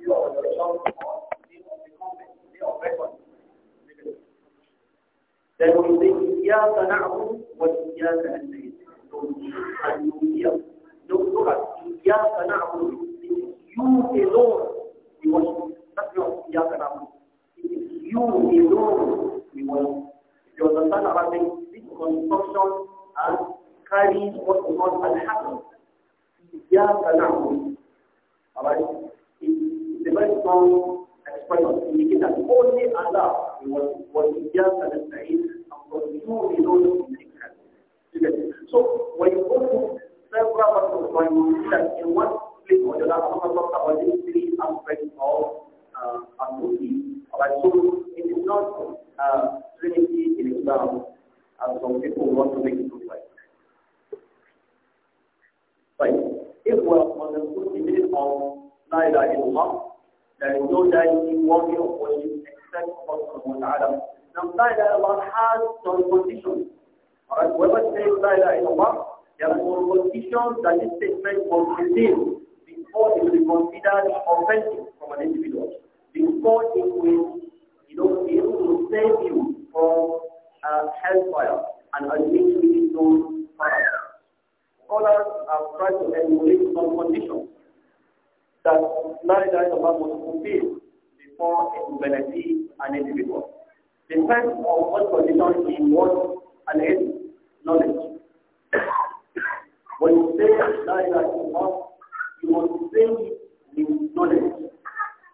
view of your job or view of the comment, of record. Then we say, إِيَّاكَ نَعْبُدُ وَإِيَّاكَ نَسْتَعِينُ And you look at إِيَّاكَ نَعْبُدُ It is you alone we worship. That's your إِيَّاكَ نَعْبُدُ It is you alone we worship. If you understand Arabic, this construction and carries what we call al-hakam. إِيَّاكَ نَعْبُدُ Alright? strong expression indicates that only Allah was was just and Sa'id and for you alone So when you go to several verses of Quran, you see that in one place or the other, Allah talks about these three aspects of uh, Al-Mu'min. so it is not uh, Trinity in Islam as some people want to make it look like. Right. If we are on the meaning of neither ilaha that There is no deity worthy of worship except Allah subhanahu wa Now, La ilaha Allah has some conditions. Alright, whoever says La ilaha Allah there are some conditions that this statement must fulfill before it will be considered offensive from an individual. Before it will, you know, be able to save you from uh, hellfire and admit you into fire. Scholars have tried to emulate some conditions that La ilaha illallah was fulfilled before it could benefit an individual. The fact of what condition he was and end knowledge. when you say La ilaha illallah, you must say with knowledge.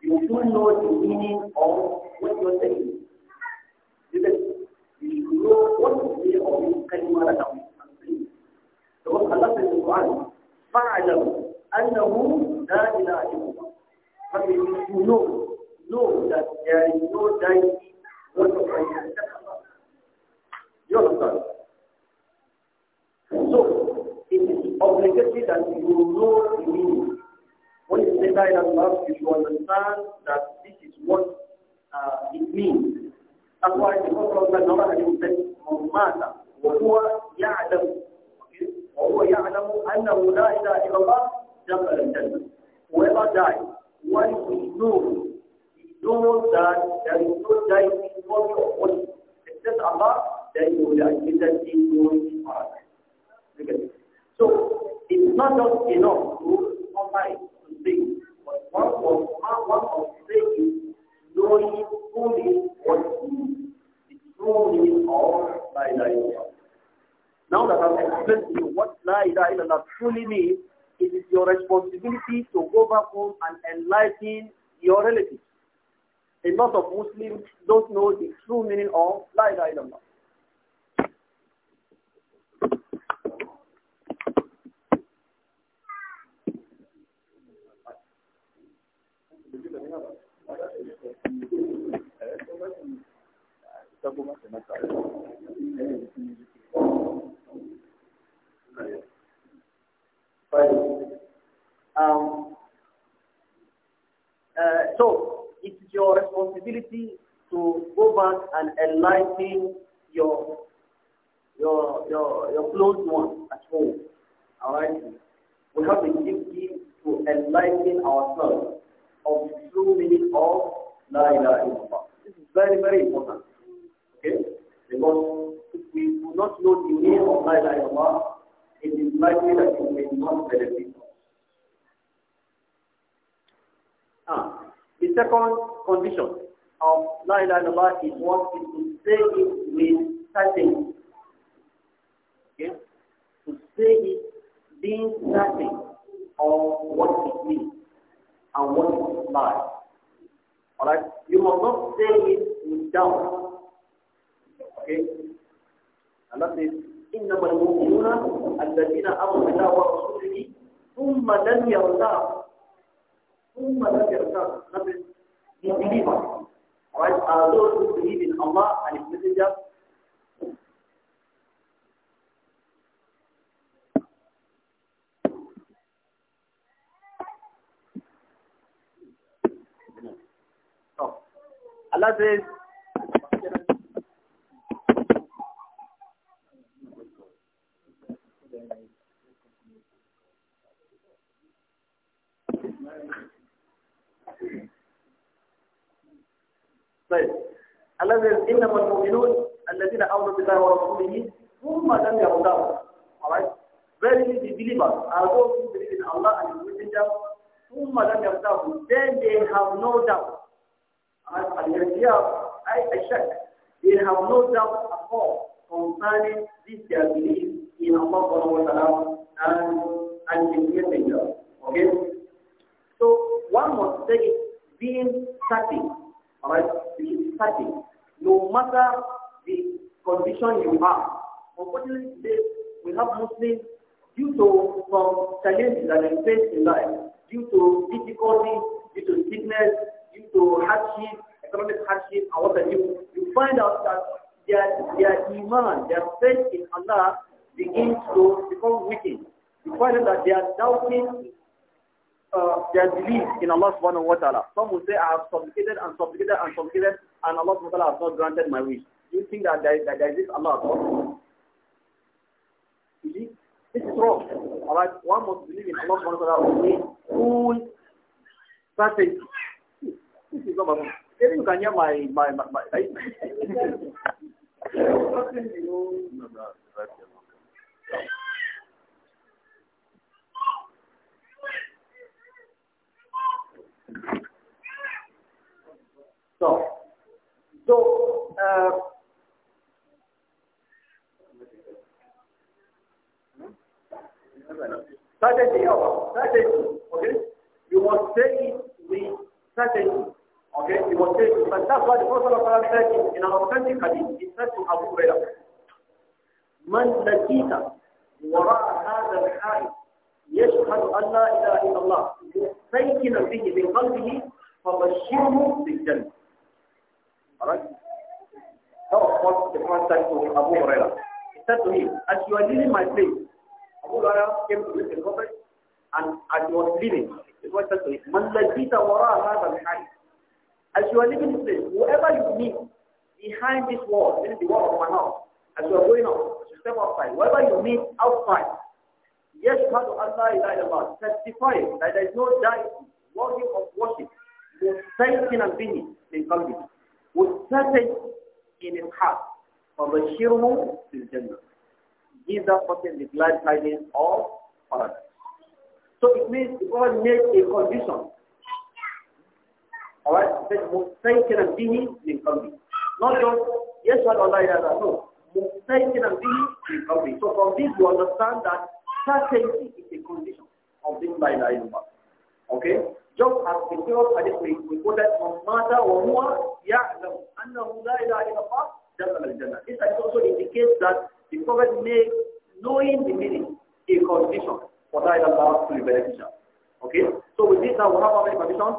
You do know the meaning of what you are saying. You should know what annahu la ilaha illallah. But know, know that there is no deity of You understand? So, it is obligatory that you know the meaning. When you say la ilaha you should understand that this is what uh, it means. That's why the Prophet of Allah said, مَاتَ وَهُوَ يَعْلَمُ وَهُوَ يَعْلَمُ أَنَّهُ لَا إِلَهَ إِلَّا اللَّهُ Jabal and Whoever dies, one he knows, he knows that there is no deity worthy of worship. Except Allah, there is no deity that he knows in paradise. Okay. So, it's not just enough to online to but one of, one of saying, knowing fully what is the true meaning of La ilaha Now that I've explained to you what La ilaha illallah truly means, it is your responsibility to go back home and enlighten your relatives. A lot of Muslims don't know the true meaning of La ilaha illallah. Thank you. Right. Um, uh, so it's your responsibility to go back and enlighten your your your your close one at home. All right. We have the duty to enlighten ourselves of the true meaning of La ilaha illallah. This is very very important. Okay, because if we do not know the meaning of La ilaha illallah it is likely that it may not benefit us. Ah, the second condition of La ilaha illallah is what is to say it with certainty. Okay? To say it being certain of what it means and what it implies. Alright? You must not say it with doubt. Okay? And that is إنما المؤمنون الذين أمروا الله ورسوله ثم لن يرتاب ثم لن يرتاب نبل مؤمنين وعيد آذور مؤمنين من الله عن المسجد الله says طيب الذي إنما المؤمنون الذين آمنوا بالله ورسوله ثم لم يرتابوا alright verily the believers are those who believe in Allah and His Messenger ثم لم يرتابوا then they have no doubt I I check. they have no doubt at all concerning this their belief in Allah subhanahu wa ta'ala and, and his messenger. Okay? So one must take being static, alright? Being static. No matter the condition you have. Unfortunately today we have Muslims due to some challenges that they face in life, due to difficulties, due to sickness, due to hardship, economic hardship, and what have you, you find out that their, their iman, their faith in Allah begin to become wicked. The point is that they are doubting uh, their belief in Allah subhanahu wa ta'ala. Some will say, I have supplicated and supplicated and supplicated and Allah subhanahu wa ta'ala has not granted my wish. Do you think that there is, that there is Allah at all? You see? This is wrong. Alright? One must believe in Allah subhanahu wa ta'ala with full certainty. This is not my book. Maybe you can hear my... my, my, my, my. So, so uh, certainty, oh, certainty, okay? You must say it with certainty, okay? You must say it, but that's why the Prophet said in an authentic hadith, he said to Abu Hurairah, من لقيت وراء هذا الحال يشهد أن لا إله إلا الله مستيقنا فيه من قلبه فبشره بالجنة That was to Abu Huraira. He said to him, as you are leaving my place, Abu Huraira came to meet the Prophet, and as you are leaving, the Prophet said to him, Man lajita wara hadha al As you are leaving this place, whoever you meet behind this wall, meaning the wall of my house, as you are going out, step outside. Whoever you meet outside, yes, Kadu Allah ilaha illallah, testify that there is no deity worthy of worship, with certain and being in Kalbi, with certain in his heart, for the Shirmu the Jannah. Give that person the glad tidings of paradise. So it means God made a condition. Alright, that was certain and being in Kalbi. Not just, yes, Allah ilaha illallah, no mustaqiran bihi fi qabri. So from this you understand that certainty is a condition of this la ilaha Okay? Just as the previous hadith we recorded from Mata wa huwa ya'lam annahu la ilaha illallah dakhala al This also indicates that the Prophet made knowing the meaning a condition for la ilaha to be beneficial. Okay? So with this now we have how many conditions?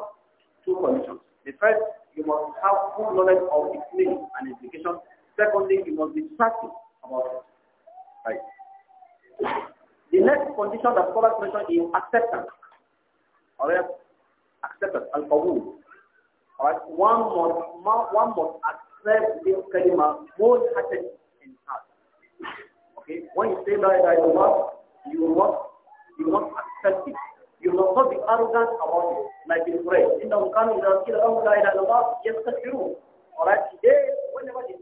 Two conditions. The first, you must have full knowledge of its meaning and implications Secondly, you must be practical about it. Right. The next condition that scholars mention is acceptance. Alright? Acceptance, and qabul Alright? One must, one must accept this kalima hearted and heart. Okay? When you say that, that you must, you must, you must accept it. You must not be arrogant about it, like in prayer. In the Quran, إِذَا قِيلَ لَهُمْ لَا إِلَهَ إِلَّا اللَّهُ يَسْتَغْفِرُونَ Alright? Today, whenever they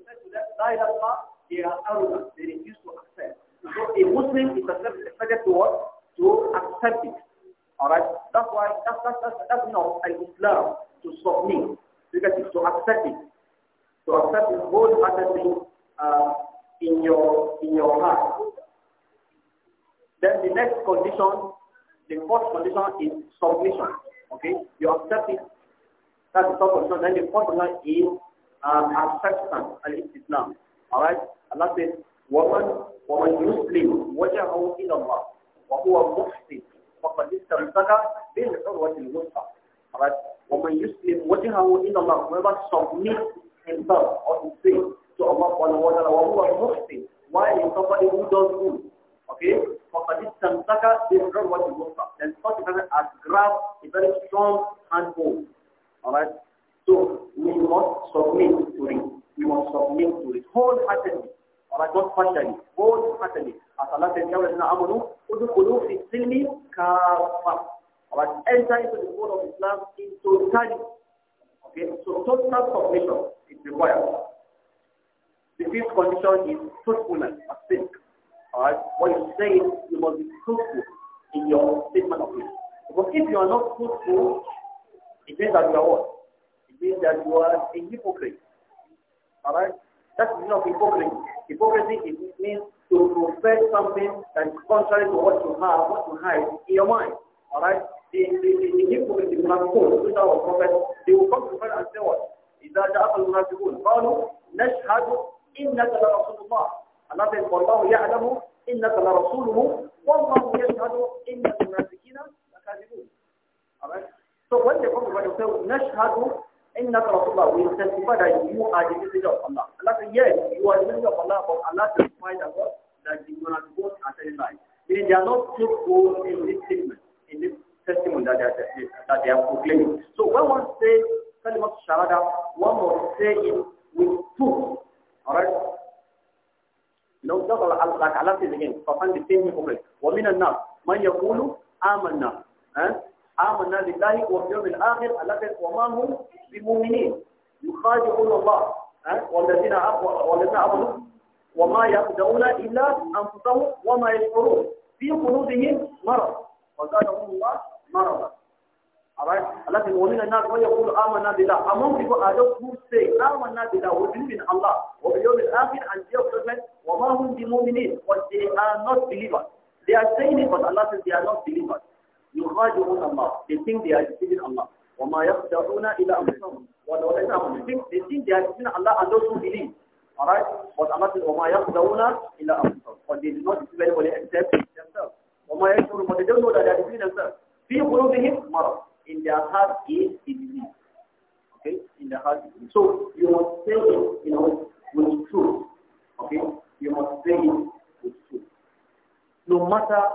they are arrogant. They refuse to accept. So a Muslim is expected to what? To accept it. Alright? That's why, that's, that's, that's, that's not an Islam to submit. Because it's to accept it. To accept it wholeheartedly uh, in, your, in your heart. Then the next condition, the fourth condition is submission. Okay? You accept it. That's the third condition. Then the fourth condition is um, acceptance and Islam. Alright? Allah says, "Woman, وَمَنْ وَمَنْ يُسْلِمْ وَجَهَهُ إِلَى اللَّهِ وَهُوَ مُحْسِنٌ فَقَدْ اسْتَمْسَكَ بِالْعُرْوَةِ الْوُثْقَى Alright? وَمَنْ يُسْلِمْ وَجَهَهُ إِلَى اللَّهِ Whoever submits himself or his faith to Allah subhanahu wa ta'ala وَهُوَ مُحْسِنٌ Why is somebody who does good? Okay? فَقَدْ اسْتَمْسَكَ بِالْعُرْوَةِ الْوُثْقَى Then such a person has grabbed a very strong handhold. Alright? So we must submit to it. We must submit to it wholeheartedly. Alright, not partially, wholeheartedly. As Allah said, Ya Ladina Amanu, Udukulu fi silmi kafa. Alright, enter into the fold of Islam in totality. Okay, so total submission is required. The fifth condition is truthfulness, a sin. Alright, what you say, you must be truthful in your statement of it. Because if you are not truthful, it means that you are what? means that you are a hypocrite. Alright? That is not hypocrisy. Hypocrisy is, means to profess something that is contrary to what you have, what you hide in your mind. Alright? The, the, the, the hypocrite, the munafiqun, which our prophet, they will come to prayer and say what? إذا جاءك المنافقون قالوا نشهد إنك لرسول الله. Allah says, والله يعلم إنك لرسوله والله يشهد إن المنافقين لكاذبون. Alright? So when they come to prayer, they say, نشهد in that Rasulullah will testify that you are the messenger of Allah. Allah said, yes, you are the messenger of Allah, but Allah testified that what? That you will not both are telling lies. Meaning they are not truthful in this statement, in this testimony that they are, that they are proclaiming. So when one says Kalimat Shahada, one must say it with truth. Alright? You just that's Allah, like Allah says again, Quran the same hypocrite. وَمِنَ النَّاسِ مَنْ يَقُولُ آمَنَّا آمَنَّا بِاللَّهِ وَبِيَوْمِ الْآخِرِ Allah says, وَمَا هُمْ بمؤمنين يخادعون الله والذين أبدوا وما يخدعون إلا أنفسهم وما يشعرون في قلوبهم مرض وزادهم الله مرضا الله يقول الناس ويقول آمنا بالله أمام بيقول آدم who آمنا بالله we believe in الآخر عن جيو وما هم بمؤمنين but they are not believers they are saying it but Allah says they are not believers يخادعون الله they think they are deceiving Allah وما يخدعون إلى أنفسهم They think they have seen Allah and those who believe. Alright? But Allah says, وَمَا يَخْدَوْنَ إِلَّا أَنفُسَهُم But they do not deceive anybody except themselves. وَمَا يَشْعُرُونَ But they don't know that they are deceiving themselves. فِي قُلُوبِهِمْ مَرَضٌ In their heart is disease. Okay? In their heart is disease. So, you must say it, you know, with truth. Okay? You must say it with truth. No matter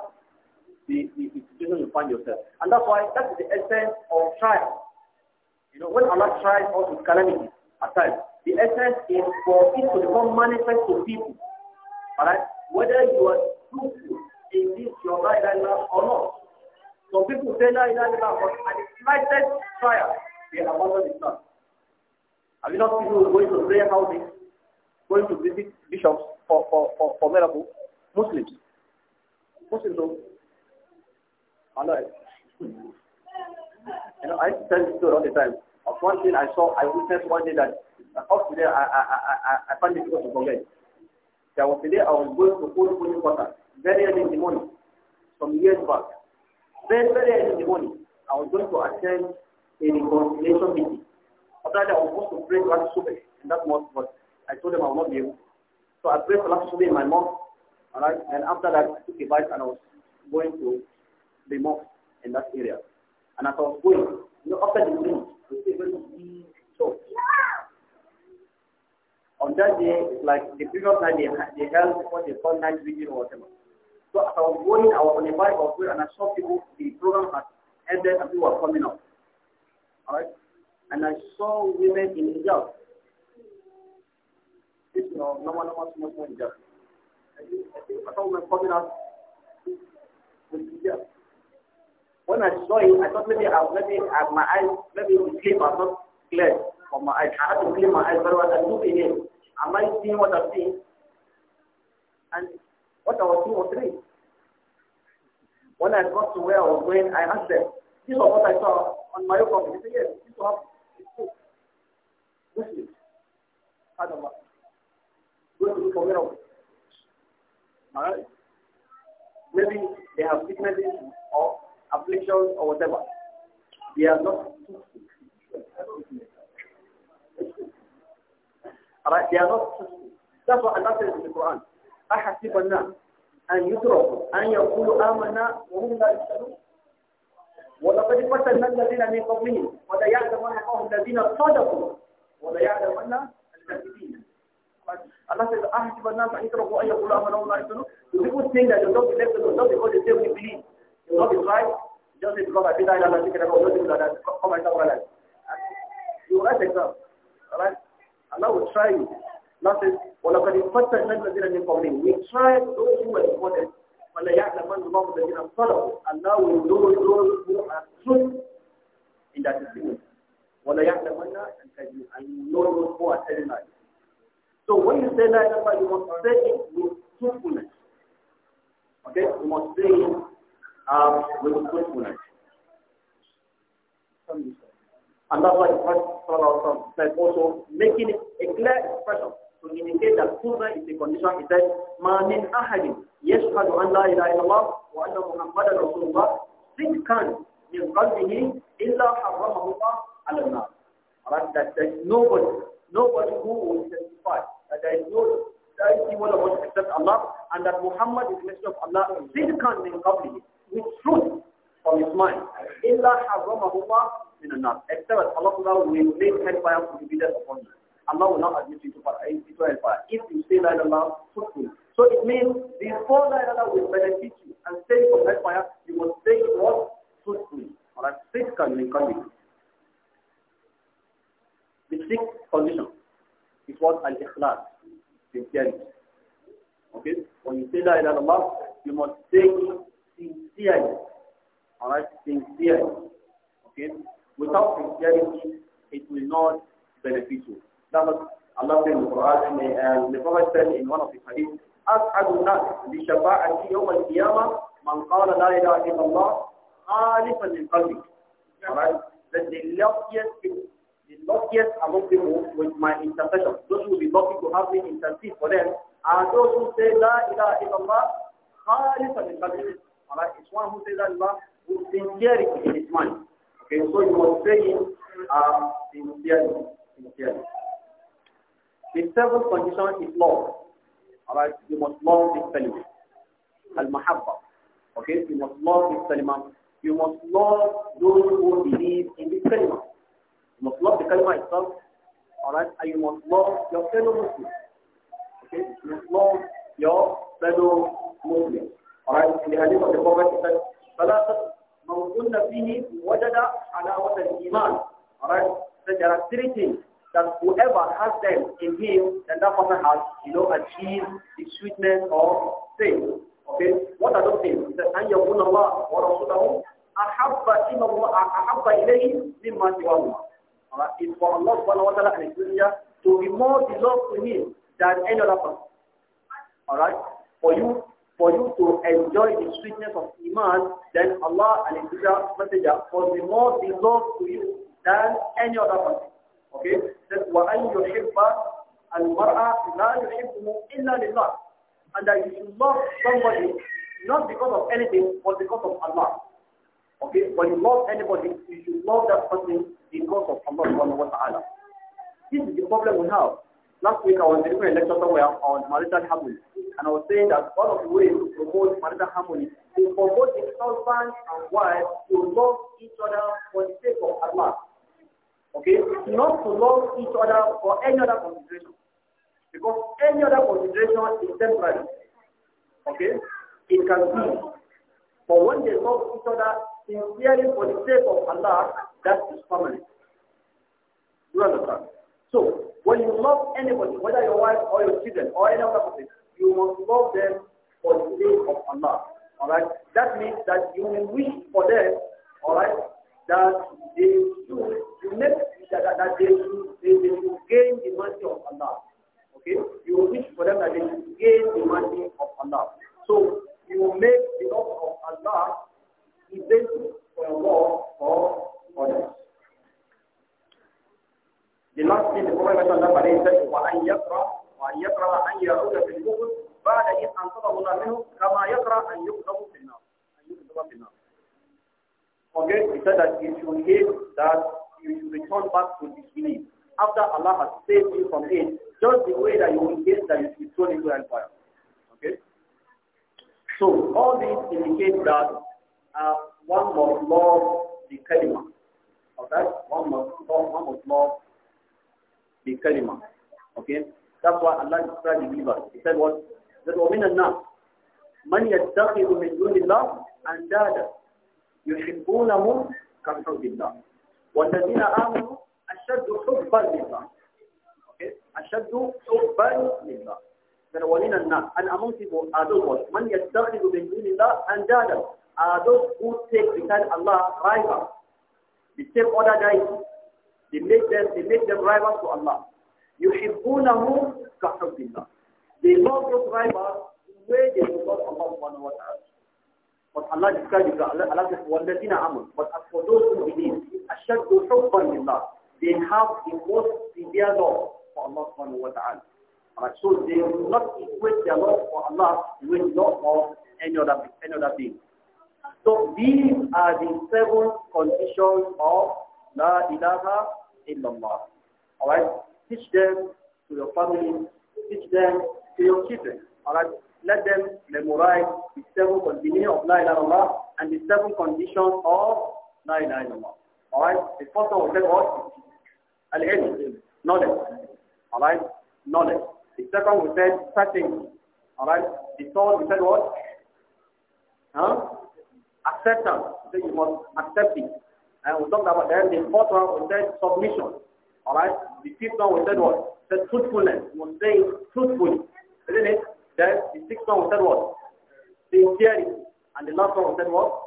the, the, the situation you find yourself. And that's why that is the essence of trial. You know, when Allah tries us with calamity at times, the essence is for it to become manifest to people. Alright? Whether you are truthful in this your right now or not. Some people say that ilaha illallah, but at the slightest trial, they have abandoned Islam. Have you not seen people going to prayer houses, going to visit bishops for, for, for, for miracles? Muslims. Muslims, though. Allah. You know, I tell this story all the time. Of one thing I saw, I witnessed one day that up today, there, I, I, I, I find it difficult to forget. There was a day I was going to pull Kuru water very early in the morning, some years back. Very, very early in the morning, I was going to attend a reconciliation meeting. After that, I was supposed to pray last Sunday in that month, but I told them I will not be able. So I prayed for last Sunday in my mom, all right, and after that, I took a bite and I was going to the mosque in that area. And as I was going, you know, after the meeting, we see very big church. On that day, like the previous night, they, they held what they call night vigil or whatever. So as I was going, I was on a bike, I was going, and I saw people, the program had ended and people were coming up. Alright? And I saw women in hijab. This, you know, normal, normal, small, small hijab. I think I saw women coming up with hijab. When I saw it, I thought maybe, I, maybe I, my eyes, maybe it was sleep, I was not clear from my eyes. I had to clean my eyes very well I look in it. Am I seeing what I'm seeing? And what I was seeing was real. When I got to where I was going, I asked them, this was what I saw on my own They said, yes, this is what Muslims. Subhanallah. Go to look for miracles. Alright? Maybe they have sicknesses or affliction or whatever. They are not Alright, they are not That's what Allah says in the Quran. أحسب الناس أن يتركوا أن يقولوا آمنا وهم لا يسألون ولقد فتنا الذين من قبلهم وليعلمن قوم الذين صدقوا وليعلمن الكاذبين Allah says, ah, but now I interrupt what you call Amal Allah. So people think that you don't believe, you don't because they say we believe. You not be right, Just because I did that, I'm thinking about nothing like that. Come and talk about that. You write exam. Alright? Allah will try you. Not say, وَلَقَدْ فَتَّنَّا الَّذِينَ مِنْ قَبْلِهِمْ We try those who are were before them. فَلَا يَعْلَمَنَّ اللَّهُ الَّذِينَ صَدَقُوا Allah will know those who are true in that decision. ask the man, And can you know those who are telling lies. So when you say that, you must say it with truthfulness. Okay? You must say it um, with truthfulness. And that's why the Prophet said also, making a clear expression to indicate that sunnah is the condition. He said, مَا مِنْ أَحَدٍ يَشْهَدُ أَنْ لَا إِلَهَ إِلَّا اللَّهُ وَأَنَّ مُحَمَّدًا رَسُولُ اللَّهِ صِدْقًا مِنْ قَلْبِهِ إِلَّا حَرَّمَهُ اللَّهُ عَلَى النَّارِ. Alright, that there is nobody, nobody who will testify that there is no deity one of us except Allah, and that Muhammad is Messenger of Allah, zinkan min qablihi, with truth from his mind. Illa harramahullah min annar. Except that Allah will make hellfire to be there upon you. Allah will not admit you to hellfire. If you say Allah, ilaha truthfully. So it means these four la will benefit you and save you from hellfire. You must say it was truthfully. Alright, can min qablihi. The sixth condition is what al-ikhlas sincerely. Okay? When you say that in Allah, you must say sincerely. Alright? Sincerely. Okay? Without sincerity, it will not benefit you. That was Allah said in the Quran and uh, the Prophet said in one of his hadith, أسعد الناس بشفاعتي يوم القيامة من قال لا إله إلا الله خالصا من قلبه. Alright? That the luckiest people not yet among people with my intercession. Those who will be lucky to have me intercede for them are those who say La ilaha illallah khalifan al Alright, it's one who says that Allah with sincerity in his mind. Okay, so you must say it uh, sincerely. sincerely. The seventh condition is love. Alright, you must love this kalima. Al-mahabba. Okay, you must love this kalima. You must love those who believe in this kalima. You must love the kalima itself, alright, you must love Muslim. Okay? You must in the hadith of the Prophet it ثلاثة من كن فيه وجد علاوة الإيمان. Alright, so there are three things that whoever has them in him, then that person has, you know, achieved the sweetness of faith. Okay? What are those things? He said, أن يكون الله ورسوله أحب إلى الله Alright, for Allah subhanahu wa ta'ala and his dunya to be more beloved to him than any other person. Alright? For you for you to enjoy the sweetness of Iman, then Allah and his messenger will be more beloved to you than any other person. Okay? That وَأَنْ يُحِبَّ الْمَرْأَ لَا يُحِبُّهُ إِلَّا لِلَّهِ And that you should love somebody not because of anything, but because of Allah. Okay? When you love anybody, you should love that person because of Allah subhanahu wa ta'ala. This is the problem we have. Last week I was delivering a lecture somewhere on marital harmony. And I was saying that one of the ways to promote marital harmony is for both the husband and wife to love each other for the sake of Allah. Okay? Not to love each other for any other consideration. Because any other consideration is temporary. Okay? It can be. But when they love each other sincerely for the sake of Allah, that is family. You understand? So, when you love anybody, whether your wife or your children or any other person, you must love them for the sake of Allah. Alright? That means that you will wish for them, alright, that they should you make that, that, that they should they, they should gain the mercy of Allah. Okay? You will wish for them that they should gain the mercy of Allah. Allah has saved you from it, just the way that you will get that you will be thrown into an fire. Okay? So all these indicate that uh, one must love the kalima. Okay? One must love, one must love the kalima. Okay? That's why Allah described the believers. He said what? That and النَّاسِ مَنْ يَتَّخِذُ مِنْ دُونِ اللَّهِ أَنْدَادًا يُحِبُّونَهُمْ كَحُبِّ اللَّهِ وَالَّذِينَ آمَنُوا أشد حبا لله okay. أشد حبا لله من ولين الناس أن أمنتب أدوه من يستغلب من دون الله أندادا Those who take beside Allah rivals, they take other guys, they make them, they make them rivals to Allah. يحبونه كحب الله. They love those rivals the way they love Allah subhanahu wa ta'ala. But Allah describes Allah, Allah says, وَالَّذِينَ عَمَلُوا But as for those who believe, أَشَدُّ حُبًّا لِلَّهِ they have the most severe law for Allah subhanahu wa ta'ala. Alright, so they will not equate their law for Allah with law of any other any other being. So these are the seven conditions of La ilaha illallah. Alright? Teach them to your family, teach them to your children. Alright? Let them memorize the seven conditions of La ilaha illallah and the seven conditions of La ilaha illallah. Alright? The first one was Al-ilm, knowledge. Alright? Knowledge. The second we said certainty. Alright? The third we said what? Huh? Acceptance. So you must accept it. And we talked about that. the fourth one we said submission. Alright? The fifth one we said what? We said truthfulness. We must say truthfully. Isn't it? Then the sixth one we said what? Sincerity. And the last one we said what?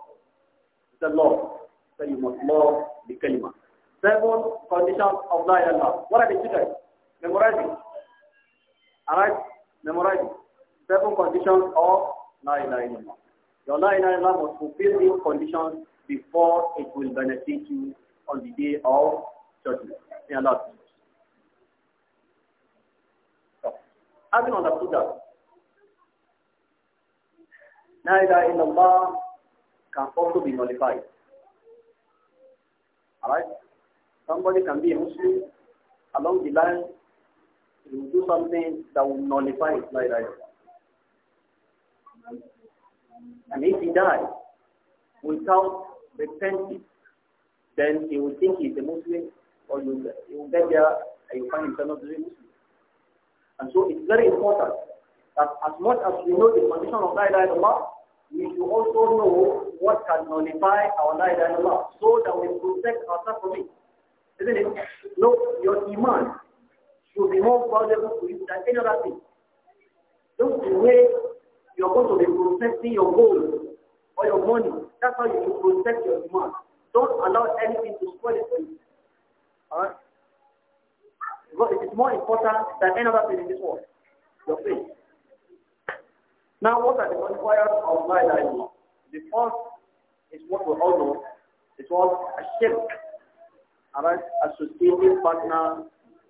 The love. So you must love the kalimah seven conditions of La ilaha What are the children? Memorizing. Alright? Memorizing. Seven conditions of La ilaha Your La ilaha must fulfill these conditions before it will benefit you on the day of judgment. May Allah so, Having understood that, La ilaha illallah can also be nullified. Alright? Somebody can be a Muslim along the line, he will do something that will nullify his life. And if he dies without repenting, then he will think he is a Muslim or he will, he will get there and you find himself not a Muslim. And so it's very important that as much as we know the condition of La ilaha illallah, we should also know what can nullify our La ilaha so that we protect ourselves from it. Isn't it? No, your iman should be more valuable to you than any other thing. Don't way you're going to be protecting your gold or your money. That's how you should protect your iman. Don't allow anything to spoil it for you. Alright? Because it is more important than any other thing in this world. Your faith. Now, what are the qualifiers of my ilaha The first is what we all know. It was a shirk and as associated partner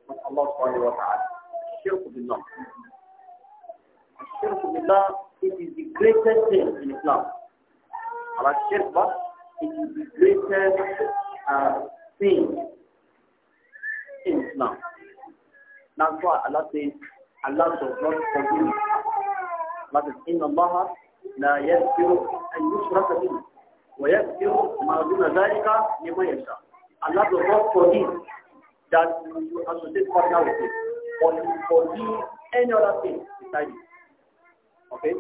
of Allah subhanahu wa ta'ala. Shirk billah. Shirk billah, it is the greatest thing in Islam. Our shirk it is the greatest uh, in Islam. That's why Allah says, Allah does not forgive. but says, Inna Allah لا يغفر أن يشرك به ويغفر ما دون ذلك لمن يشاء. Allah will not forgive that you associate partner with him. But you any other thing beside it. Okay?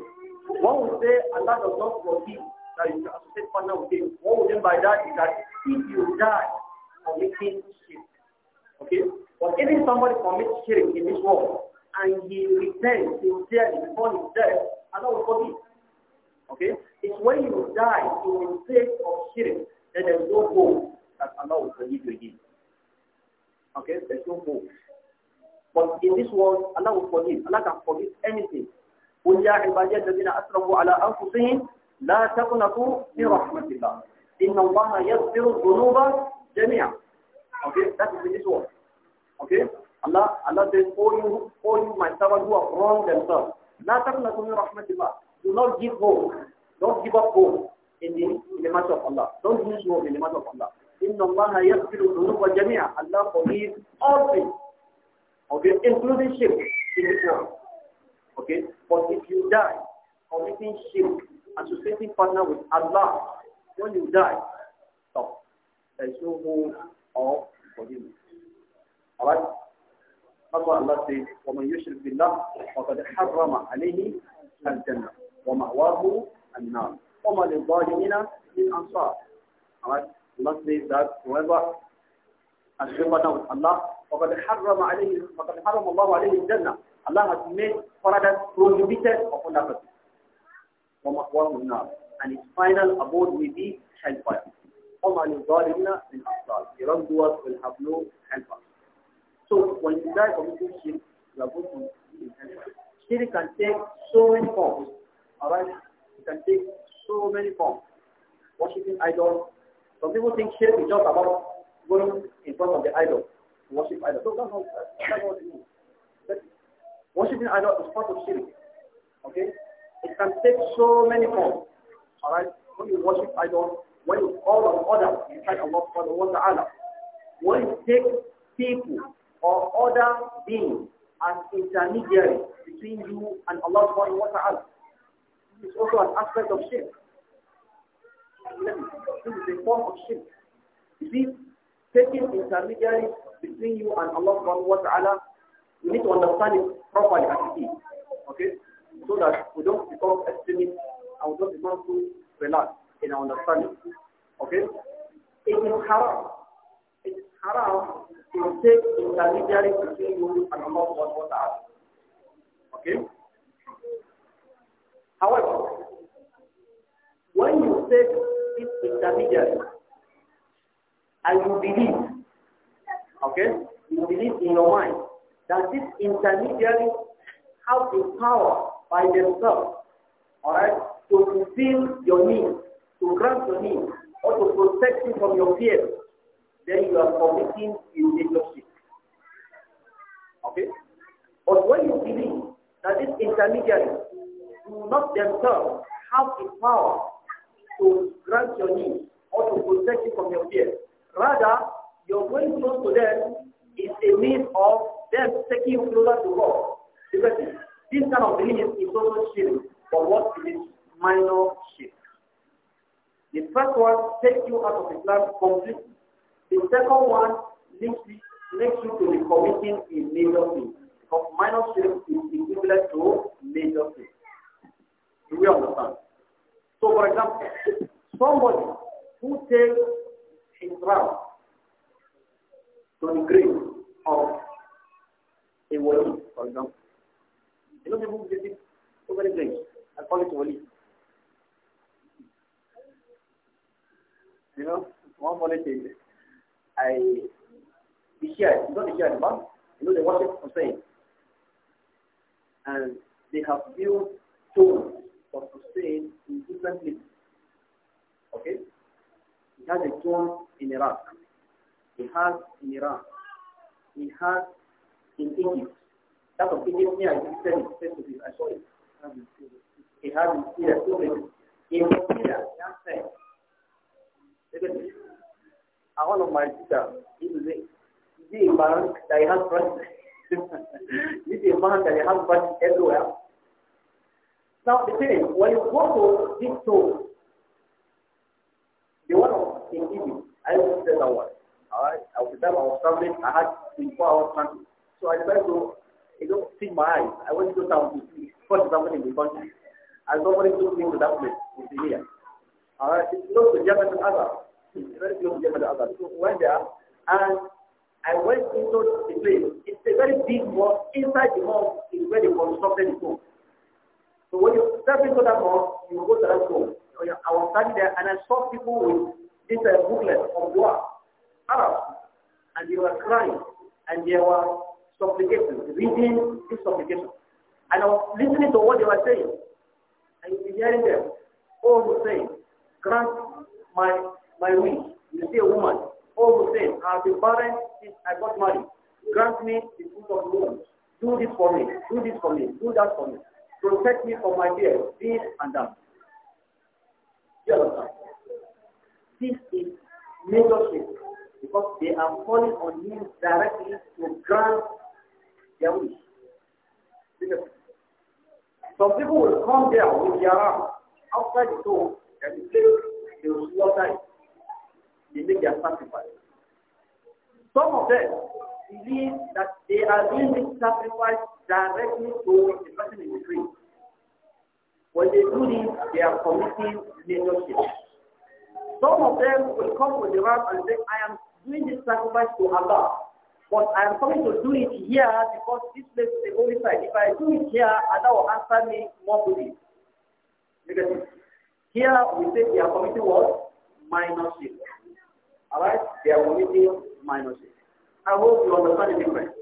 One would say Allah does not forgive that you associate partner with him. What we mean by that is that if you die committing shirk, okay? But if somebody commits shirk in this world and he repents sincerely before his death, I will forgive. Okay? It's when you die in the state of shirk that there is no hope that Allah will forgive you again. Okay, there's no hope. But in this world, Allah will forgive. Allah can forgive anything. قل يا عبادي الذين أسرفوا على أنفسهم لا تقنطوا من رحمة الله إن الله يغفر الذنوب جميعا Okay, that is in this world. Okay, Allah, Allah says, all oh, you, all oh, you, my servants who have wronged themselves, لا تقنطوا من رحمة الله. Do not give hope. Don't give up hope in the, in the matter of Allah. Don't lose hope in the matter of Allah. إن الله يغفر الذنوب جميعا Allah forgives all things okay including shirk in this world okay but if you die committing shirk associating partner with Allah when you die stop there is no more of forgiveness alright that's what Allah says وَمَنْ يُشْرِكْ بِاللَّهِ فَقَدْ حَرَّمَ عَلَيْهِ الْجَنَّةِ وَمَأْوَاهُ النَّارِ وَمَا لِلظَّالِمِينَ مِنْ أَنصَارٍ alright Allah says that whoever has remembered with Allah, فَقَدْ حَرَّمَ عَلَيْهِ فَقَدْ حَرَّمَ اللَّهُ عَلَيْهِ الْجَنَّةِ Allah has made paradise prohibited upon that person. وَمَأْوَاهُ النَّارِ And his final abode will be hellfire. وَمَا لِلْظَالِمِينَ مِنْ أَنصَارٍ The wrongdoers will have no helper. So when you die committing shirk, you are going to be in hellfire. Shirk can take so many forms. Alright? It can take so many forms. Worshipping idols, some people think here we just about going in front of the idol, worship idol. So that's not, that's not what it means. But worshiping idol is part of sin. Okay? It can take so many forms. Alright? When you worship idol, when you call on others inside Allah subhanahu the other? when you take people or other beings as intermediary between you and Allah subhanahu wa ta'ala, it's also an aspect of shirk. This is a form of shirk. You see, taking intermediaries between you and Allah subhanahu wa ta'ala, you need to understand it properly as it is. Okay? So that we don't become extremists and we don't become too relaxed in our understanding. Okay? It is haram. It is haram to take intermediaries between you and Allah subhanahu wa ta'ala. Okay? However, when you said this intermediary, and you believe, okay, you believe in your mind that this intermediary have the power by themselves, all right, to fulfill your needs, to grant your needs, or to protect you from your fears, then you are committing dictatorship. Okay? But when you believe that these intermediaries do not themselves have the power to grant your needs or to protect you from your fears. Rather, your going close to them is a means of them taking you closer to God. Because this kind of belief is also shirk, for what is minor shift. The first one takes you out of the plan completely. The second one makes you, makes you to be committing a major sin. Because minor shift is equivalent to major sin. Do we understand? So for example, somebody who takes his round to the grave of a wali, for example. You know people visit so many graves. I call it wali. You know, one politician, I, the Shia, you know the Shia, the you know they worship Hussein. And they have built tombs for Hussein in different places. Okay? He has a tomb in Iraq. He has in Iran. He has in Egypt. That of Egypt, me, I visited it face I saw it. He has in Syria, two places. In Syria, that's it. Isn't it? And one of my teachers, he was a, he a man that he has friends. He's a man that he has friends everywhere. Now the thing when you go to this tomb, the one in Egypt, I will say that one. Alright, at the time I was traveling, I had three, four hours country. So I decided to, you know, see my eyes. I went to town to see what is happening in the country. And somebody took me to that place, in Syria. Alright, it's close to Jabhat al-Azhar. It's very close to Jabhat al-Azhar. So we went there, and I went into the place. It's a very big mosque. Inside the mosque is where they constructed the tomb. So when you step into that mosque, you go to that room. I was standing there and I saw people with this uh, booklet of dua, Arabs, and they were crying and they were supplicating, reading this supplication. And I was listening to what they were saying. And was hearing them, all the same, grant my my wish. You see a woman, all the same, I have been barren since I got married. Grant me the fruit of the womb. Do this for me, do this for me, do that for me. Protect me from my fear, this and that. You understand? This is mentorship because they are calling on him directly to grant their wish. Some people will come there with their arms outside the door and they will slaughter it. They make their sacrifice. Some of them believe that they are doing this sacrifice directly to the person in between. When they do this, they are committing leadership. Some of them will come with the rap and say, I am doing this sacrifice to Allah. But I am coming to do it here because this place is the holy site. If I do it here, Allah will answer me more to this. Because here we say they are committing what? Minorship. Alright? They are committing minorship. I hope you understand the difference.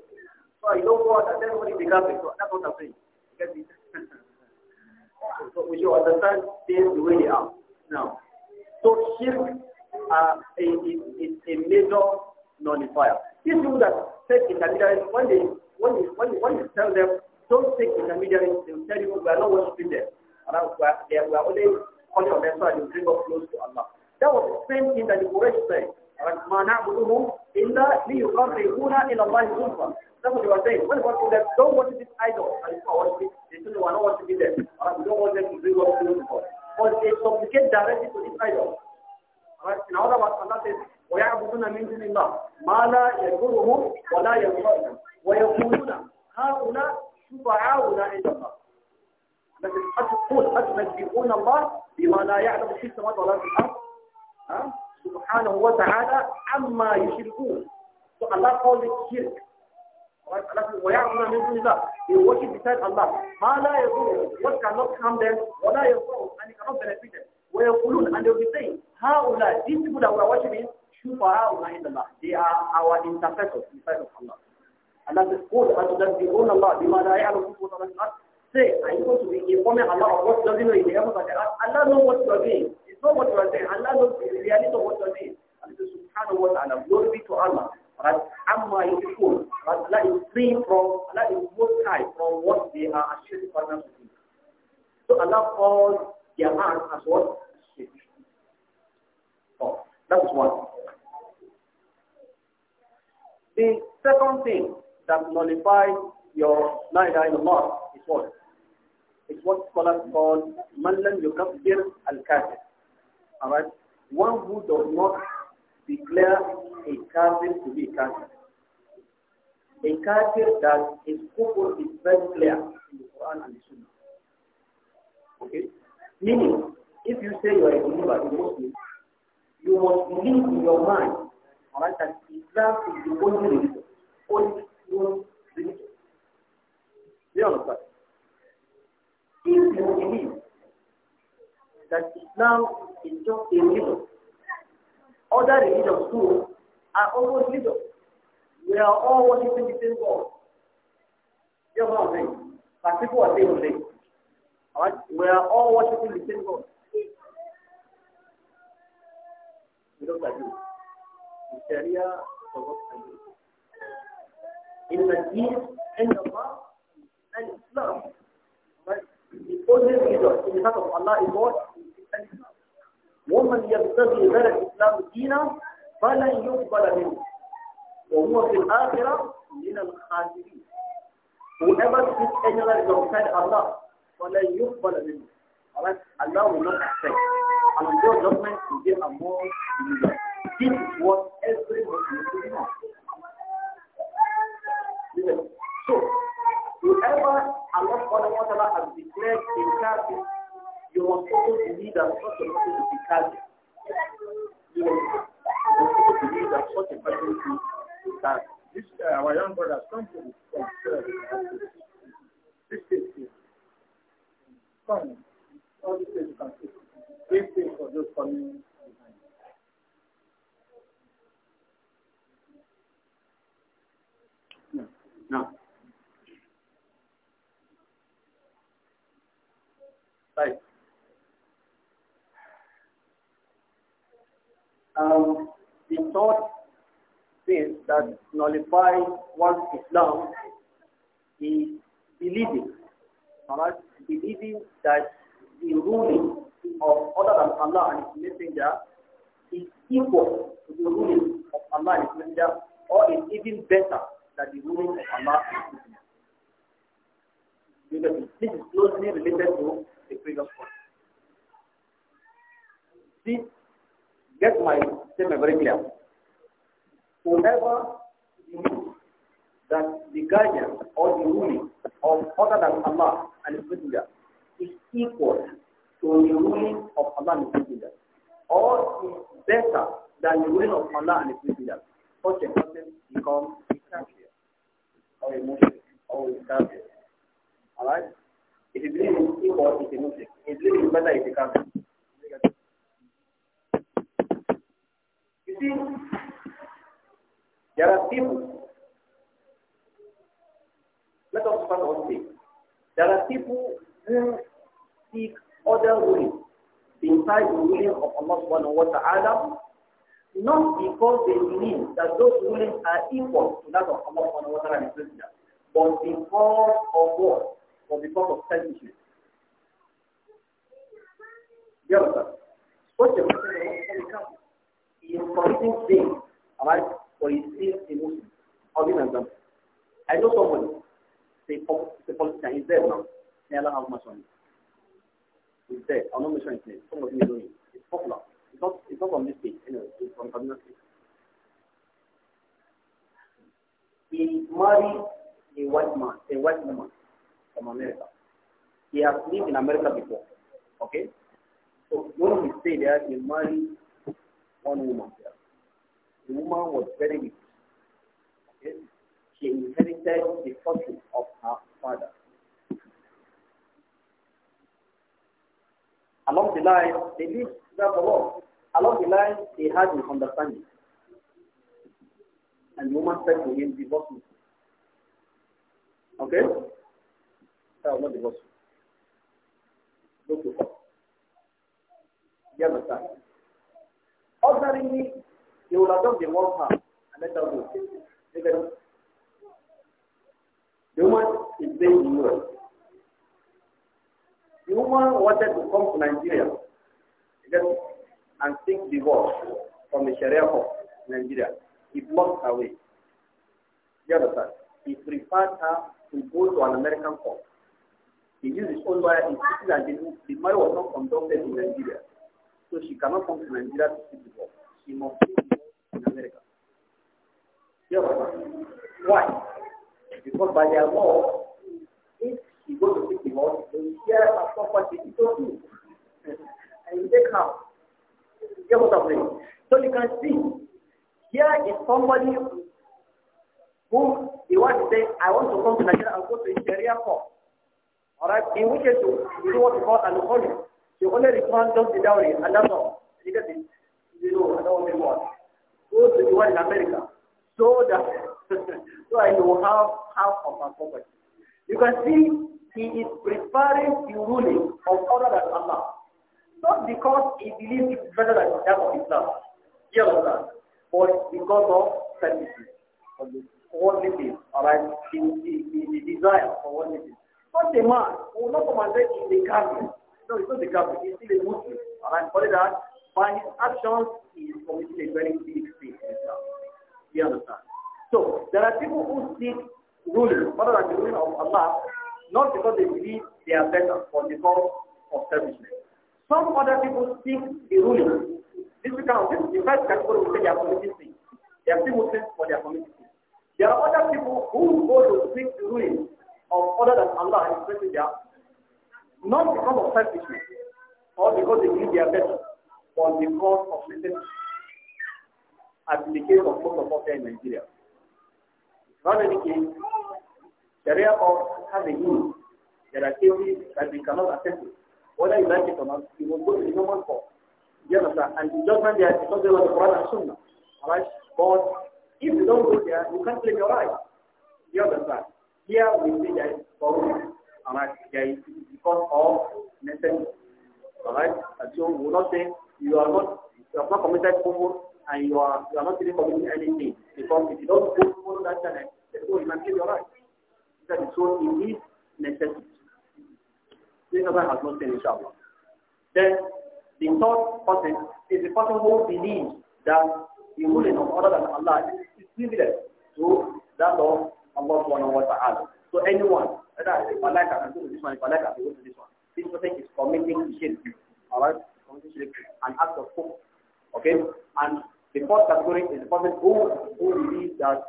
So you don't go and then only become it. So that's what I'm so we should understand things the way they are. Now, so shirk uh, is, is, a major nullifier. These people that take intermediaries, when they, when, they, when, they, when they tell them, don't take intermediaries, they will tell you, we are not worshipping them. And we are, they are only calling on them so they will bring up close to Allah. That was the same thing that the Quraysh said. إلا ليقربونا إلى الله زلفى That's what you are saying. When God them, don't worship this idol and you worship it, they still want not worship them. Or you don't want them to bring what you look for. But they supplicate directly to this idol. Alright? In other words, Allah says, ويعبدون من دون الله ما لا يضرهم ولا ينفعهم ويقولون هؤلاء شفعاؤنا عند الله لكن قد تقول قد تنبئون الله بما لا يعلم في السماوات ولا في الارض ها subhanahu wa ta'ala amma yushrikun. So Allah called it shirk. Right? Allah says, وَيَعْمَا مِنْ دُونِ اللَّهِ They worship beside Allah. Ma la يَضُرُ What cannot harm them, Wa la And it cannot benefit them. وَيَقُولُونَ And they will be saying, هَؤُلَاءِ These people that we are worshiping, شُفَاءُنَا عِنْدَ Allah? They are our intercessors beside of Allah. Allah says, قُلْ أَتُدَبِّرُونَ اللَّهِ بِمَا لَا يَعْلَمُ فِي الْأَرْضِ Say, are you going to be informing Allah of what doesn't know in the heavens and the earth? Allah knows what you are doing. Know what you are saying. Allah knows the reality of what you are saying. And this is subhanahu wa ta'ala. Glory be to Allah. Right? Amma is full. Right? Allah is free from, Allah is most high from what they are actually partners with. So Allah calls their acts as what? Shirk. Oh, that's one. The second thing that nullifies your La ilaha illallah is what? It's what scholars call man lam yukabbir al-kafir. Alright? One who does not declare a kafir to be a kafir. A kafir that is kufur is very clear in the Quran and the Sunnah. Okay? Meaning, if you say you are a believer, a Muslim, you must believe in your mind, alright, that Islam is the only religion, only true religion. Do you understand? If you believe that Islam is just a religion. Other religions too are also religions. We are all worshiping the same God. You know what I'm saying? But people are saying the Alright? We are all worshiping the same God. We don't agree. In Sharia, does not agree. In the East, in the Past, and Islam, right? the only religion in the heart of Allah is what? ومن يبتغي غير الإسلام دينا فلن يقبل منه وهو في الآخرة من الخاسرين whoever seeks any right outside Allah فلن يقبل منه Alright, Allah will not accept. And on your judgment, will give a more believer. This is what every Muslim should know. So, whoever Allah subhanahu wa ta'ala has declared in Kafir You are supposed to need that such a person to be carried. You know, you are supposed to need that such a person to be carried. This, uh, our young brother come to this point. This is here. Come. All these things you can see. Same thing for those coming behind. No. No. Right. um, the thought says that nullifying one's Islam is believing, alright, believing that the ruling of other than Allah and His Messenger is equal to the ruling of Allah and His Messenger, or is even better than the ruling of Allah and His Messenger. this is closely related to the previous point. This Get my statement very clear. Whoever that the guidance or the ruling of other than Allah and His Messenger is equal to the ruling of Allah and His Messenger, or is better than the ruling of Allah and His Messenger, such a person becomes a kafir or a Muslim or a kafir. Alright? If you believe in equal, it's a Muslim. If you believe in better, it's a kafir. still, there are people, let us start one thing. who seek other ways inside the ruling of Allah subhanahu wa ta'ala, not because they believe that those rulings are equal to that of Allah subhanahu wa ta'ala but because of what? But because of selfishness. You understand? Such a he is committing sin, alright, but he is still a Muslim. I'll give an example. I know someone, The the politician, he's dead now. May Allah have mercy on him. He's dead. I'll not mention his name. Some of you know him. It's popular. It's not, it's not from this page, anyway, it's from Kaduna state. He married a white man, a white woman from America. He has lived in America before. Okay? So one of his there, he married one woman there. The woman was very rich. Okay? She inherited the fortune of her father. Along the line, they lived together. Along the line, they had an understanding. And the woman said to him, divorce me. Okay? I will not divorce you. Go to her. You understand? Ordinarily, you would have done the one harm and let her go. Look at them. The woman is based in US. The woman wanted to come to Nigeria and seek divorce from the Sharia court in Nigeria. He blocked her way. You understand? He preferred her to go to an American court. He used his own lawyer insisting that the, the marriage was not conducted in Nigeria. So she cannot come to Nigeria to see football. She must be in America. Yes. Why? Because by their law, if she goes to see football, she will share her property equal to And you take her. Get what I'm saying? So you can see, here is somebody who he wants to say, I want to come to Nigeria and go to Nigeria for. Alright, in which case you do what you call an alcoholic. She only respond to the dowry and that's all. You get You know, I don't want more. Go to the one in America so that so I will have half of my property. You can see he is preferring the ruling of other than Allah. Not because he believes it's better than that of Islam. or understand? But because of services. What it is, alright? The, the, the desire for what it is. Not the man who will not come in the garden. So it's not the government; He's still a Muslim. And I'm calling that by his actions, he is committing a very big sin in You understand? So, there are people who seek ruling, rather than the ruling of Allah, not because they believe they are better, but because of selfishness. Some other people seek the ruling. This becomes this the first category we say they are committing sin. They are still Muslims, but they are committing sin. There are other people who go to seek the ruling of other than Allah, especially their not because of selfishness or because they need their best, but because of little as in the case of most of us in Nigeria. Not any case, Sharia law has a use. There are theories that we cannot accept it. Whether you like it or not, you will go to the normal court. You understand? And the judgment there is because there the Quran and Sunnah. Alright? But if you don't go there, you can't claim your right. You understand? Here we see that Alright, there is because of message. Alright, so we will not say you are not you have not committed kufur and you are you are not really committing anything because if you don't go follow that channel, then go you might kill your right. That is so it is necessity. This other has not been inshallah. Then the third person is the person who believes that the ruling of other than Allah is equivalent to that of Allah subhanahu wa ta'ala. So anyone, whether I say Malak, can go this one, Malak, I can go this one. This person is committing shirk. Alright? Committing shirk. An act of hope. Okay? And the fourth category is the person who, who believes that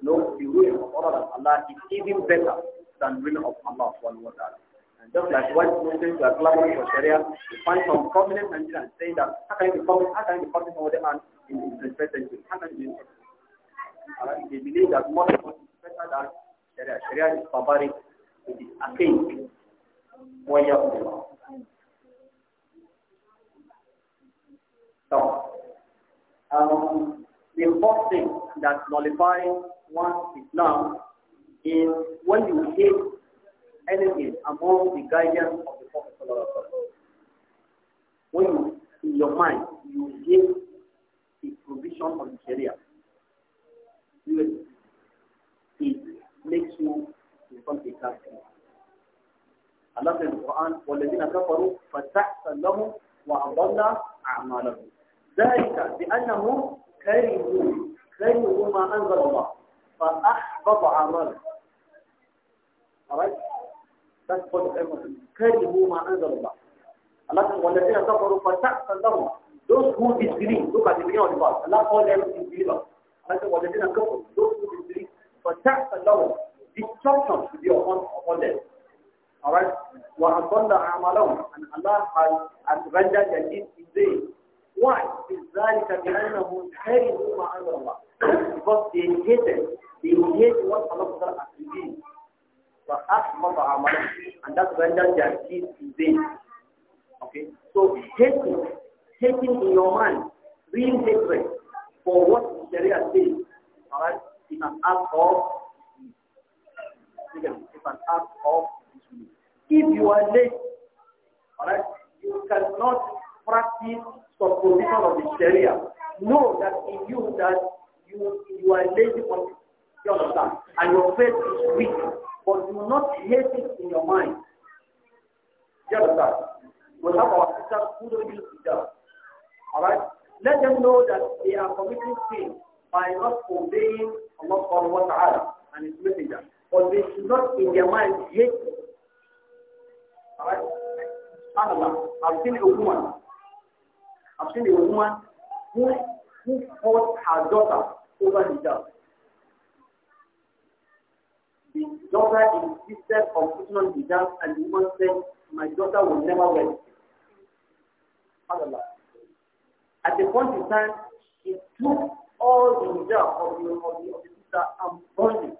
no, the will of other Allah is even better than will of Allah subhanahu wa ta'ala. And just like white Muslims are clamoring for Sharia, you find some prominent Nigerians saying that how can you become how can you become over the man in the first century? How can you do They believe that more is better than so, um, the important thing that nullifies one Islam is when you hate anything among the guidance of the Prophet When you, in your mind, you hate the provision of the Sharia, you hate makes you become a kafir. Allah says in the Quran, وَالَّذِينَ كَفَرُوا فَتَحْسَنْ لَهُمْ وَعَضَلَّ أَعْمَالَهُم ذلك بأنهم كرهوا كرهوا ما أنزل الله فأحبط عَمَالَهُمْ Alright? That's what everyone كرهوا ما أنزل الله Allah says وَالَّذِينَ كَفَرُوا فَتَحْسَنْ لَهُمْ Those who disbelieve, look at the beginning of the verse. Allah called them disbelievers. Allah says وَالَّذِينَ كَفَرُوا Those But that's alone, destruction should be upon, upon them. Alright? وَأَضَلَّ أَعْمَلَهُمْ And Allah has, has rendered their deeds in vain. Why? Is ذَلِكَ بِأَنَّهُمْ كَرِهُوا مَا أَنزَلَ اللَّهُ Because they hated, they hate what Allah has revealed. فَأَحْبَطَ And that rendered their deeds in vain. Okay? So hating, hating in your mind, real hatred for what the Sharia says, alright? It's an act of it's an act of If you are late, alright, you cannot practice supposition of the Sharia. Know that in you that you you are lazy on you understand, and your faith is weak, but do not hate it in your mind. You understand? We have our sisters who don't use hijab. Alright? Let them know that they are committing sin by not obeying Allah subhanahu wa ta'ala and his messenger. But they should not in their mind hate. Alright? I've seen a woman. I've seen a woman who who fought her daughter over hijab. The daughter insisted on putting on hijab and the woman said, My daughter will never wear it. SubhanAllah. At the point in time, she took all the hijab of the, of the, of the that I'm burning.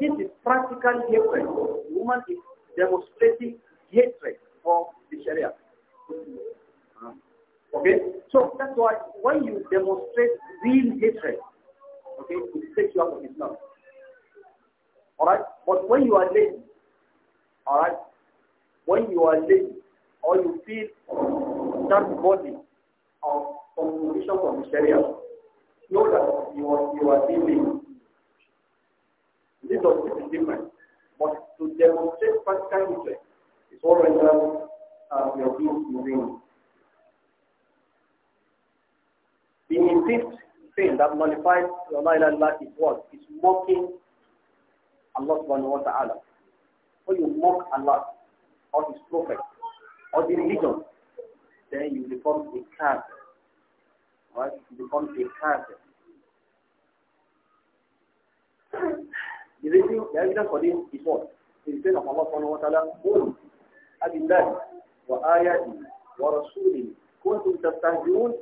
This is practical hatred. woman is demonstrating hatred for the Sharia. Uh-huh. Okay? So that's why when you demonstrate real hatred, okay, it takes you out of Islam. Alright? But when you are lazy, alright, when you are lazy, or you feel that body of communication of material, know that you are, you are dealing. This is different. But to demonstrate practical interest is all rendered uh, your being using. The fifth thing that nullifies your la was is mocking Allah subhanahu wa ta'ala. When you mock Allah or His Prophet, or the religion, then you become a caste. Right? You become a caste. The reason, the evidence for this is what? The name of Allah subhanahu wa ta'ala, قُلْ أَبِاللَّهِ wa وَرَسُولِهِ كُنْتُمْ تَسْتَهْزِئُونَ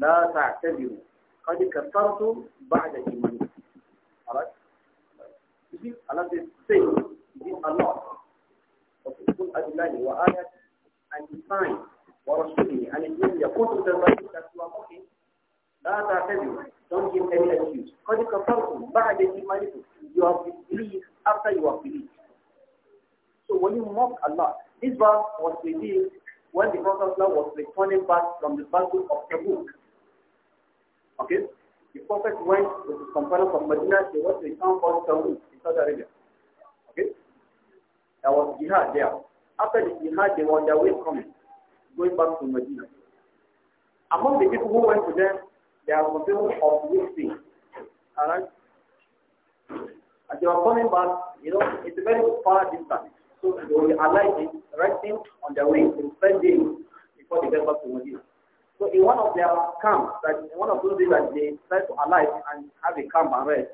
لَا تَعْتَذِرُوا قَدْ كَفَرْتُمْ بَعْدَ إِيمَانِكُمْ Alright? You see, Allah says, say, it is Allah. Okay, قُلْ أَبِاللَّهِ وَآيَاتِهِ and was to be, and it his messenger put to the right that you are I tell you, don't give any excuse قد كفرتم بعد إيمانكم you have believed after you have believed so when you mock Allah this verse was revealed when the Prophet was returning back from the battle of Tabuk okay the Prophet went with his companion from Medina they went to a town called Tabuk in Saudi Arabia okay there was jihad there after the jihad, they were on their way coming, going back to Medina. Among the people who went to them, there were people of Lucy. Alright? As they were coming back, you know, it's a very far distance. So they will alight it, resting on their way, they spend days before they get back to Medina. So in one of their camps, like in one of those days that they try to alight and have a camp and rest,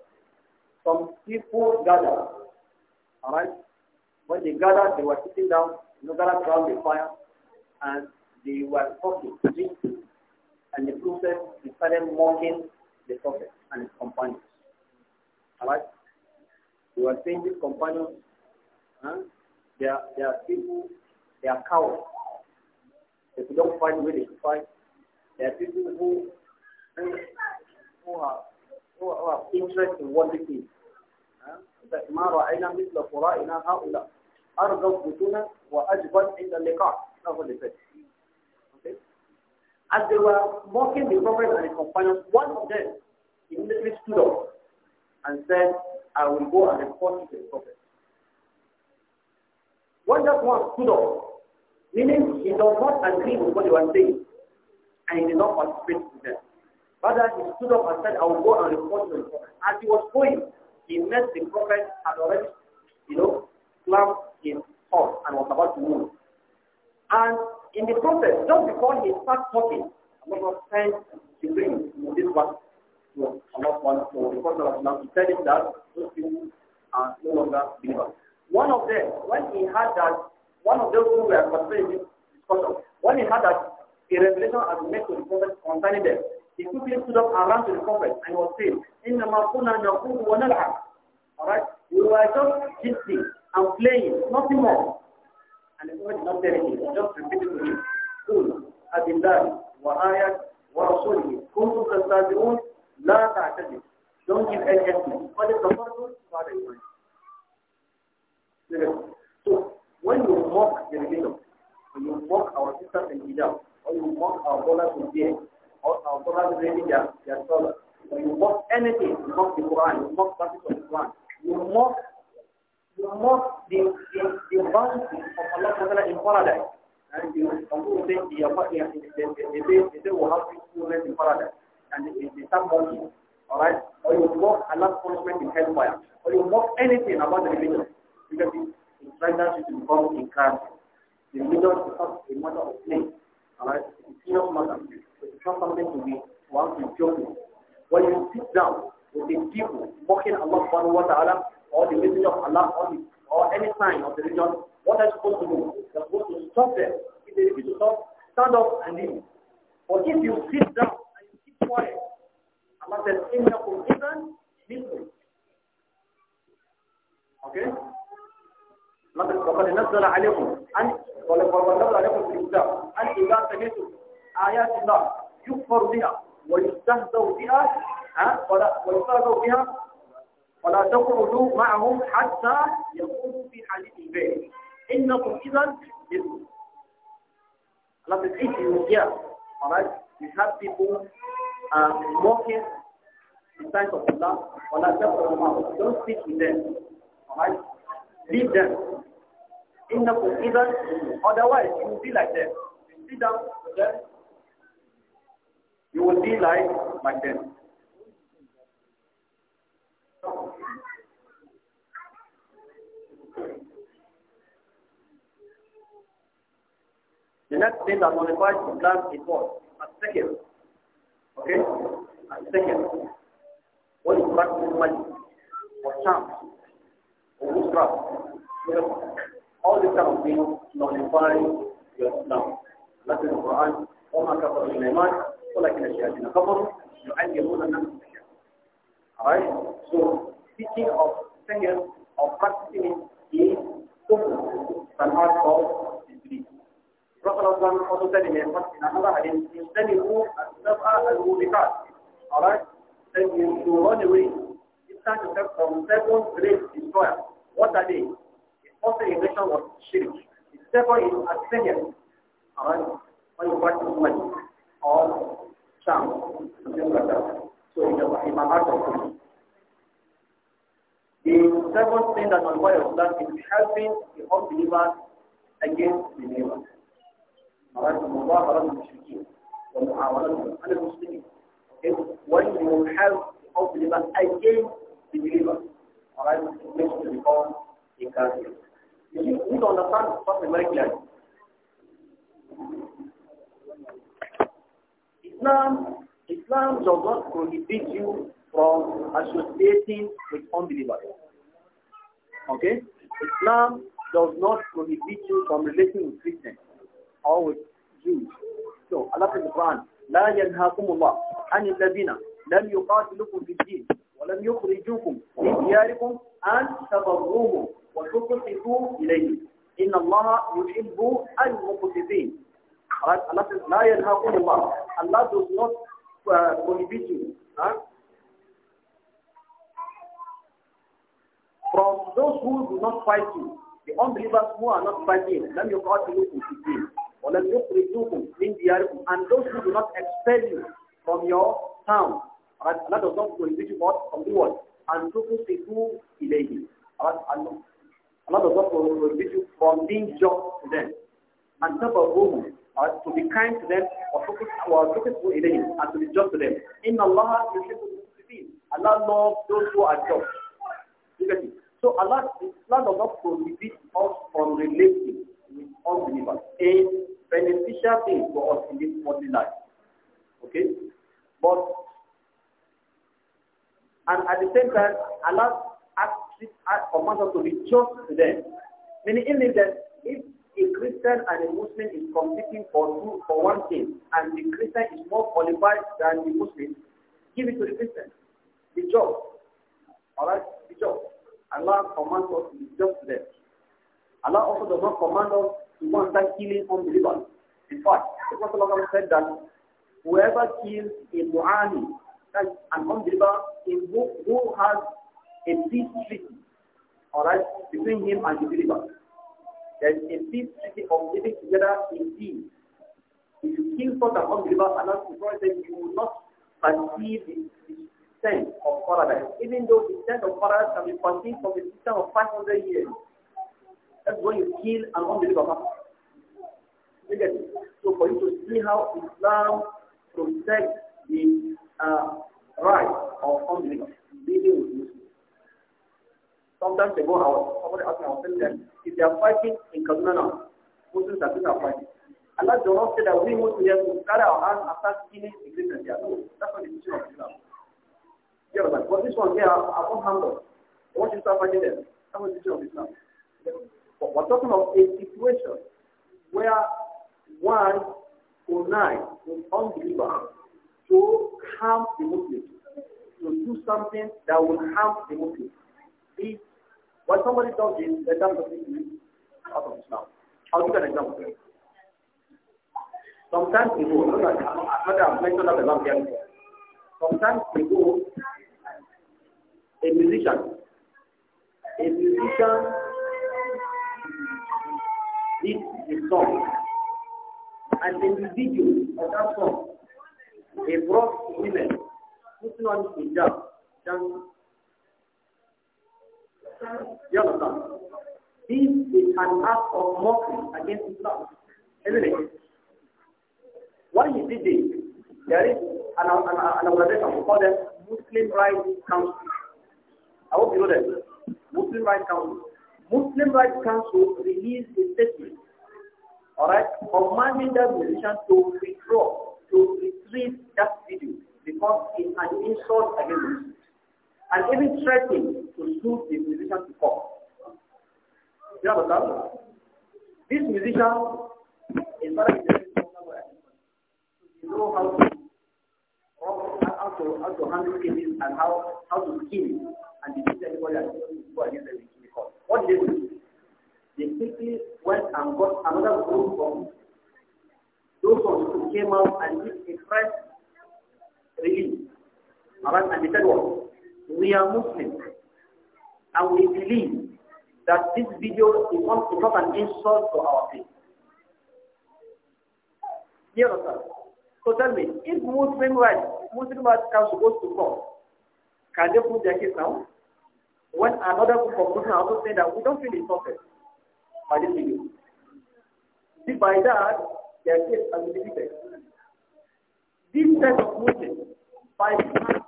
some people gathered, alright, when they gathered, they were sitting down, you know, gathered around the fire, and they were talking. And the prophet started mocking the prophet and his companions. Alright? They were saying these companions, huh? they, are, they are people, they are cowards. If you don't fight the they fight, are people who, who, who, are, who, are, who are interested in what they do. That أرضى الفتونة وأجبن عند اللقاء That's what they said. Okay? As they were mocking the Prophet and his companions, one of them immediately stood up and said, I will go and report to the Prophet. When that one stood up, meaning he does not agree with what they were saying, and he did not participate in them. Rather, he stood up and said, I will go and report to the Prophet. As he was going, he met the Prophet had already, you know, clamped his horse and was about to move. And in the process, just before he starts talking, Allah was sent to bring this one to Allah one. So the Prophet of Allah said that those people are no longer believers. One of them, when he had that, one of those who were participating in this discussion, when he had that a revelation had been made to the Prophet concerning them, he quickly stood up and ran to the Prophet and was saying, إِنَّمَا كُنَّا نَقُولُ وَنَلْعَبُ Alright? We were just gifting and playing, nothing more. And the Lord did not say anything, just repeating to him, قُلْ أَبِ اللَّهِ وَآيَةِ وَرَسُولِهِ كُنْتُمْ تَسْتَهْزِئُونَ لَا تَعْتَزِلُوا Don't give any estimate. For the comfortable, for the So, when you mock the religion, when you mock our sisters in hijab, or you mock our brothers in fear, or our brothers raising their, their scholars, when you mock anything, you mock the Quran, you mock verses of the Quran, you mock you mock the, the, the bounty of Allah Ta'ala in paradise. And you, some people say, they, they, they, they, they, they say, we'll have children in paradise. And it is they start mocking. Alright? Or you mock Allah's punishment in hellfire. Or you mock anything about the religion. Because it, it renders you to become incarnate. The religion is not a matter of play. Alright? It's a serious matter. It's not something to be, to have to joke with. When you sit down with the people mocking Allah subhanahu wa ta'ala, or the message of Allah or, the, or any sign of the religion, what are you supposed to do? You're supposed to stop them. If they refuse to stop, stand up and leave. But if you sit down and you keep quiet, Allah says, your position, مِثْلُ Okay? Allah says, وَقَدْ نَزَّلَ عَلَيْكُمْ أَنْ وَقَدْ نَزَّلَ فِي الْكِتَابِ أَنْ إِذَا سَمِعْتُمْ آيَاتِ اللَّهِ يُكْفَرُ بِهَا وَيُسْتَهْزَأُ بِهَا ويستهزأ بها ولا تقعدوا معهم حتى يكونوا في حديث البيع انكم اذا تفلحون على تفحيح المكياج خلاص يحب يكون موكب بسانك الله uh, ولا تقعدوا معهم don't speak with them خلاص leave them انكم اذا otherwise you will be like them you sit down with them you will be like like them The next thing that modifies Islam is what? A second. Okay? A second. What is practice money? Or chance? Or bootstrap? All these kind of things nullify your Islam. That is the Quran. وما كفر الإيمان ولكن الشياطين كفروا يعلمون الناس السحر. Alright? So, speaking of second, of practicing is kufr, an art of ذكر من يجتنبوا السبع الموبقات alright then you, you run away time from um, seven great destroyer. what are they the first invention was shirk the second is abstinence alright when you money or charm something like that so in the Imam the seventh thing that that is helping the unbelievers against believers. مرات المظاهرة للمشركين ومعاونتهم على المسلمين when you have the believer against the believer alright it makes you become a Catholic you see don't understand what Islam Islam does not prohibit you from associating with unbelievers okay Islam does not prohibit you from relating with Christians or with Jews. So Allah in the Quran, لا ينهاكم الله عن الذين لم you في الدين ولم يخرجوكم من دياركم أن تبروهم وتقسطوا إليه إن الله يحب المقسطين Right? Allah says, لا ينهاكم الله Allah does not uh, prohibit you huh? from those who do not fight you the unbelievers who are not fighting لم يقاتلوكم في الدين وَلَمْ يُخْرِجُوكُمْ مِنْ دِيَارِكُمْ And those who do not expel you from your town. Right? Allah does not prohibit you from the world. And who إِلَيْهِ Right? Allah does not prohibit you from being just to them. And تَبَرُّهُمْ Right? To be kind to them or وَتُقْسِكُوا إِلَيْهِ And to be just to them. In Allah you should الْمُسْلِمِينَ Allah loves those who are just. So Allah, Allah does not prohibit us from relating unbelievers a beneficial thing for us in this worldly life. Okay? But, and at the same time, Allah asks commands us to be just to them. Meaning, it that if a Christian and a Muslim is competing for two, for one thing, and the Christian is more qualified than the Muslim, give it to the Christian. The job. Alright? The job. Allah commands us to be just to them. Allah also does not command us one time killing unbelievers. In fact, the Prophet said that whoever kills a Mu'ani, that's an unbeliever in who, who has a peace treaty, alright, between him and the believer. There is a peace treaty of living together in peace. If you kill such an unbeliever and not destroy them, you will not perceive the, the sense of paradise. Even though the sense of paradise can be perceived from a distance of 500 years. That's when you kill an unbeliever person. So for you to see how Islam protects the uh, right of unbelievers, dealing with Muslims. Sometimes they go out, somebody asks me, I'll tell them, if they are fighting in Kaduna now, Muslims are still fighting. Allah does not say that we Muslims will carry our hands after killing the Christians. No, that's not the teaching of Islam. You understand? But this one here, I won't handle. Once you start fighting them, that was the teaching of Islam. But we're talking about a situation where one or nine is unbeliever to harm the Muslim, to do something that will harm the Muslim. If when somebody does this, the term doesn't out of Islam. I'll give an example. Sometimes ago, not that I've mentioned that a long time ago, sometimes ago, a musician, a musician this is the song. And in of that song, they brought women putting on job. dancing. You understand? This is an act of mockery against Islam, isn't it? Why is did this? There is an, an, an organization called the Muslim Rights Council. I hope you know that. Muslim Rights Council. Muslim Rights Council released a statement, all right, commanding the musician to withdraw, to retrieve that video because it's an insult against Muslims, and even threatening to sue the musician to court. You understand? This musician is not a know how to how to how to handle things and how how to kill and defeat anybody that against the court. What they do? They quickly went and got another group from those ones who came out and did a press release. Alright, and they said what? We are Muslims and we believe that this video is not, is not an insult to our faith. Dear Rasa, so tell me, if Muslim rights, Muslim rights are supposed to come, can they prove their case now? When another group of Muslims also saying that we don't feel insulted by this video. See, by that, their case has been defeated. This set of Muslims, by the time,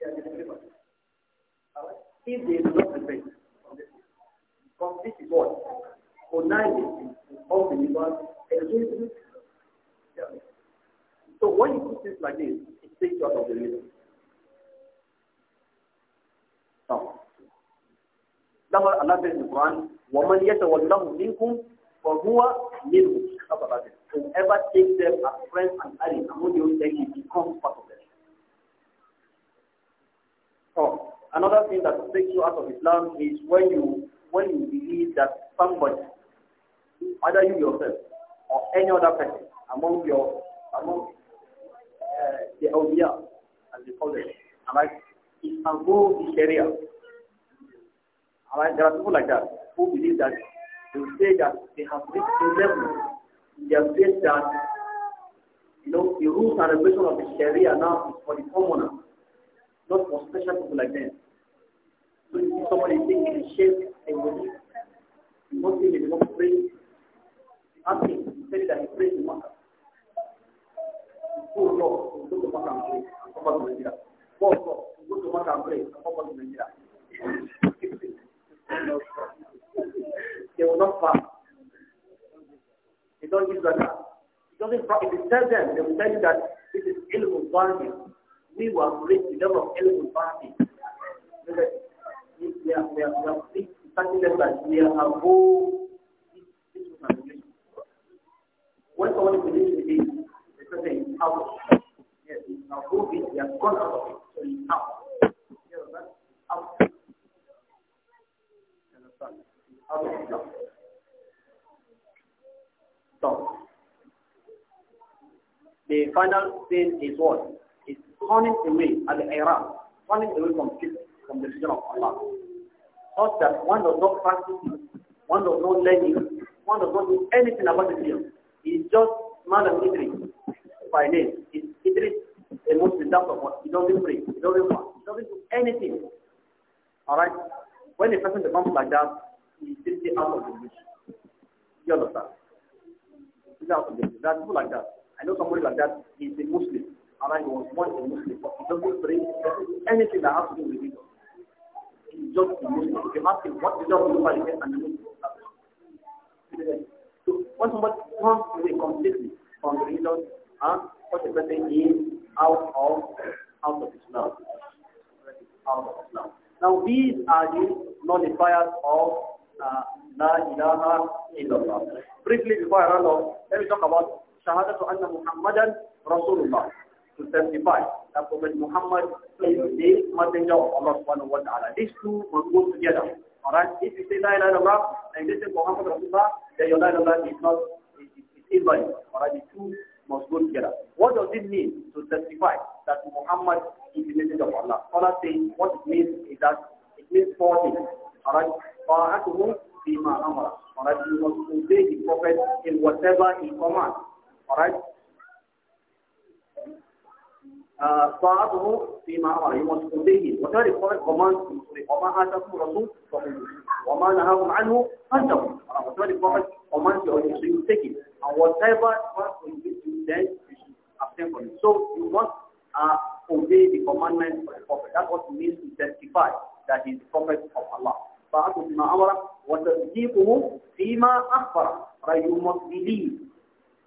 they are delivered. If they do not repent from this, because this is what? Conniving of the believers against so when you put things like this, it takes you out of the religion. Therefore, Allah says in the Quran, وَمَنْ يَتَوَلَّهُ مِنْكُمْ فَهُوَ مِنْهُمْ Whoever takes them as friends and allies among you, then he becomes part of them. So oh, another thing that takes you out of Islam is when you when you believe that somebody, either you yourself or any other person among your among uh, the awliya, as they call them, alright, is above the Sharia. All right? There are people like that who believe that they say that they have reached a level in their faith that you know the rules and regulations of the Sharia now is for the commoner, not for special people like them. So if see somebody saying in shape and belief, you must say they do not pray. Ask him, he said that he prays in Makkah. Oh Lord, go to Makkah and pray. Come back to Nigeria. Oh Lord, go to Makkah and pray. Come back to Nigeria they will not fast. They don't give zakat. It doesn't if you tell them, they will tell you that this is ilmul bargain. We were raised the of ilmul bargain. We are, we have, we have, we have we are above this We have someone is believing in this, the person is out. Yes, it, so So, the final thing is what? Is turning away at the Iran, turning away from from the religion of Allah. Such that one does not practice one does not learn it, one does not do anything about the field. He is just man of Idris by name. It's Idris, the most example. of what? He doesn't pray, he doesn't fast, he doesn't do anything. Alright? When a person becomes like that, he simply out of religion. You understand? He's out of religion. There are like that. I know somebody like that. He's a Muslim. And I was once a Muslim, but he doesn't bring anything that has to do with it. He's just a Muslim. If you ask him, what religion do you find here? And he will So when somebody turns away completely from religion, huh, such a person is out of out of Islam. Out of Islam. Now these are the nullifiers of La ilaha illallah. Briefly before I run off, let me talk about Shahada to Anna Muhammadan Rasulullah. To testify that Prophet Muhammad is the messenger of Allah subhanahu wa ta'ala. These two must go together. Alright? If you say La ilaha illallah and you say Muhammad Rasulullah, then your La ilaha illallah is not, is, is invalid. Alright? The two must go together. What does it mean to testify that Muhammad is the messenger of Allah? Allah says what it means is that it means four things. Alright, طاعته فيما أمر. Alright, you must obey the Prophet in whatever he commands. Alright. طاعته فيما أمر. You must obey him. Whatever the Prophet commands, you must obey. وما آتاكم الرسول فخذوه. وما نهاكم عنه فانتهوا. Whatever the Prophet commands you, you should take it. And whatever you then you should abstain from it. So you must uh, obey the commandments of the Prophet. That's what it means to testify that he is the Prophet of Allah. طاعته فيما أمر وتصديقه فيما أخبر right you must believe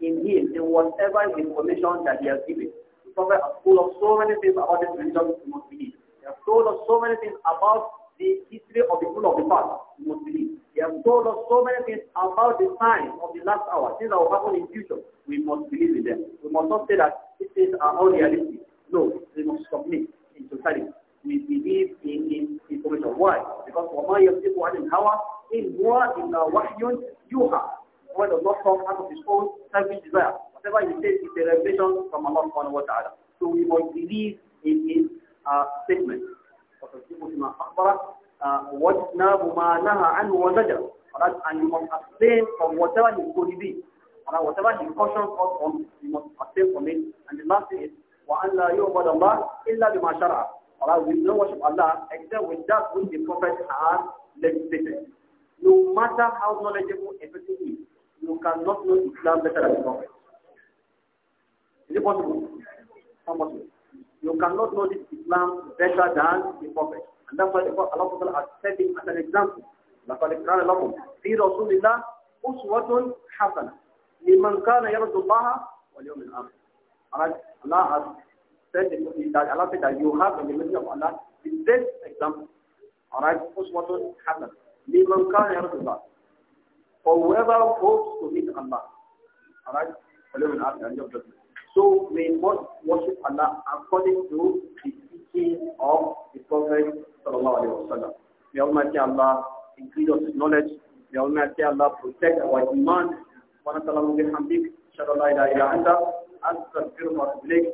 in him in whatever information that he has given the prophet has told us so many things about this religion you must believe he has told us so many things about the history of the people of the past you must believe he has told us so many things about the signs of the last hour things that will happen in the future we must believe in them we must not say that these things are unrealistic no we must submit in totality we believe in the information. Why? Because وَمَا يَصِفُ عَنِ الْهَوَىٰ إِنْ هُوَ إِلَّا you have. When does not talk out of his own selfish desire. Whatever he says is a revelation from Allah subhanahu wa ta'ala. So we must believe in his uh, statement. وَتَصِفُ مَا أَخْبَرَ وَجْنَابُ مَا نَهَى عَنْهُ وَزَجَرَ Right? And you must abstain from whatever he prohibits. And Whatever he cautions us from, you must abstain from it. And the last thing is, وَأَنْ لَا يُعْبَدَ اللَّهِ إِلَّا بِمَا شَرَعَ Allah we don't worship Allah except with that which the Prophet has legislated. No matter how knowledgeable a person is, you cannot know Islam better than the Prophet. Is it possible? Not possible. You cannot know this Islam better than the Prophet. And that's why the Prophet, Allah Prophet has set him as an example. لقد كان لكم في رسول الله أسوة حسنة لمن كان يرجو الله واليوم الآخر. Alright, Allah has said that Allah said that you have in the mercy of Allah the best example. Alright, postmortem happens. لمن كان يرجو الله. For whoever hopes to meet Allah. Alright, so we must worship Allah according to the teaching of the Prophet sallallahu alaihi wasallam. May Almighty Allah increase us knowledge. May Almighty Allah protect our iman. Wa nasallallahu bihamdik. Shallallahu ilaha illa anta. Astaghfiruka wa atubu